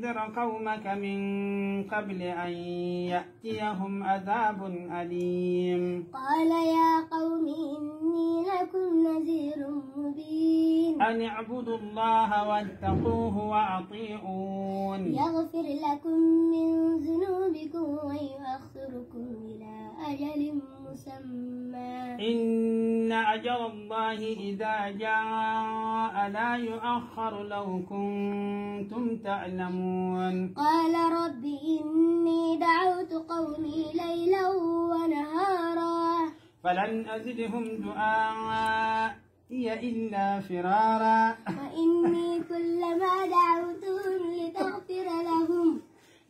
وأنذر قومك من قبل أن يأتيهم عذاب أليم قال يا قوم إني لكم نذير مبين أن اعبدوا الله واتقوه وأطيعون يغفر لكم ويؤخركم إلى أجل مسمى إن أجل الله إذا جاء لا يؤخر لو كنتم تعلمون قال رب إني دعوت قومي ليلا ونهارا فلن أزدهم دعاء هي إلا فرارا وإني كلما دعوتهم لتغفر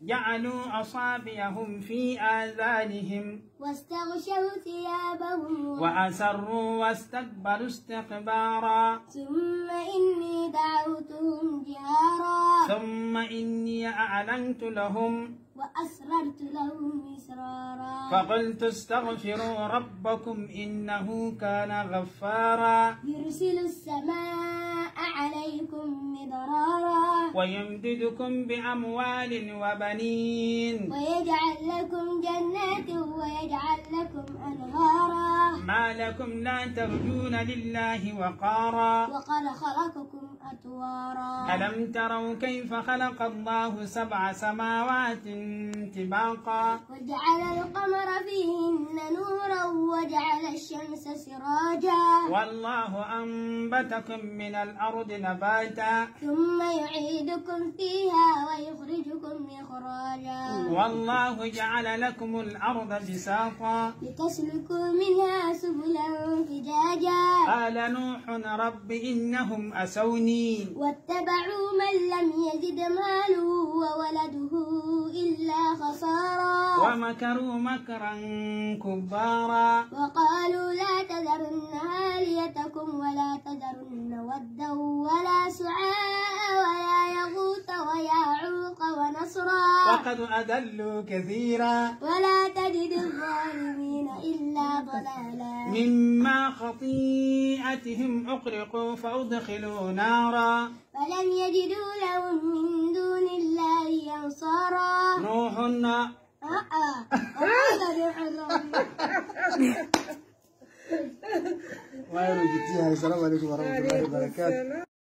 جعلوا أصابعهم في آذانهم واستغشوا ثيابهم وأسروا واستكبروا استكبارا ثم إني دعوتهم جهارا ثم إني أعلنت لهم وأسررت لهم إسرارا فقلت استغفروا ربكم إنه كان غفارا يرسل السماء ويمددكم بأموال وبنين ويجعل لكم جنات ويجعل لكم أنهارا ما لكم لا ترجون لله وقارا وقد خلقكم أطوارا ألم تروا كيف خلق الله سبع سماوات طباقا وجعل القمر فيهن نورا وجعل الشمس سراجا والله أنبتكم من الأرض نباتا ثم يعيدكم فيها ويخرجكم إخراجا والله جعل لكم الأرض بساطا لتسلكوا منها سبلا فجاجا قال نوح رب إنهم أسوني واتبعوا من لم يزد ماله وولده إلا خسارا ومكروا مكرا كبارا وقال فقد أذلوا كثيرا ولا تجد الظالمين إلا ضلالا مما خطيئتهم أقرقوا فأدخلوا نارا فلم يجدوا لهم من دون الله أنصارا نوح آه، آه، آه، وأنا السلام عليكم ورحمة الله وبركاته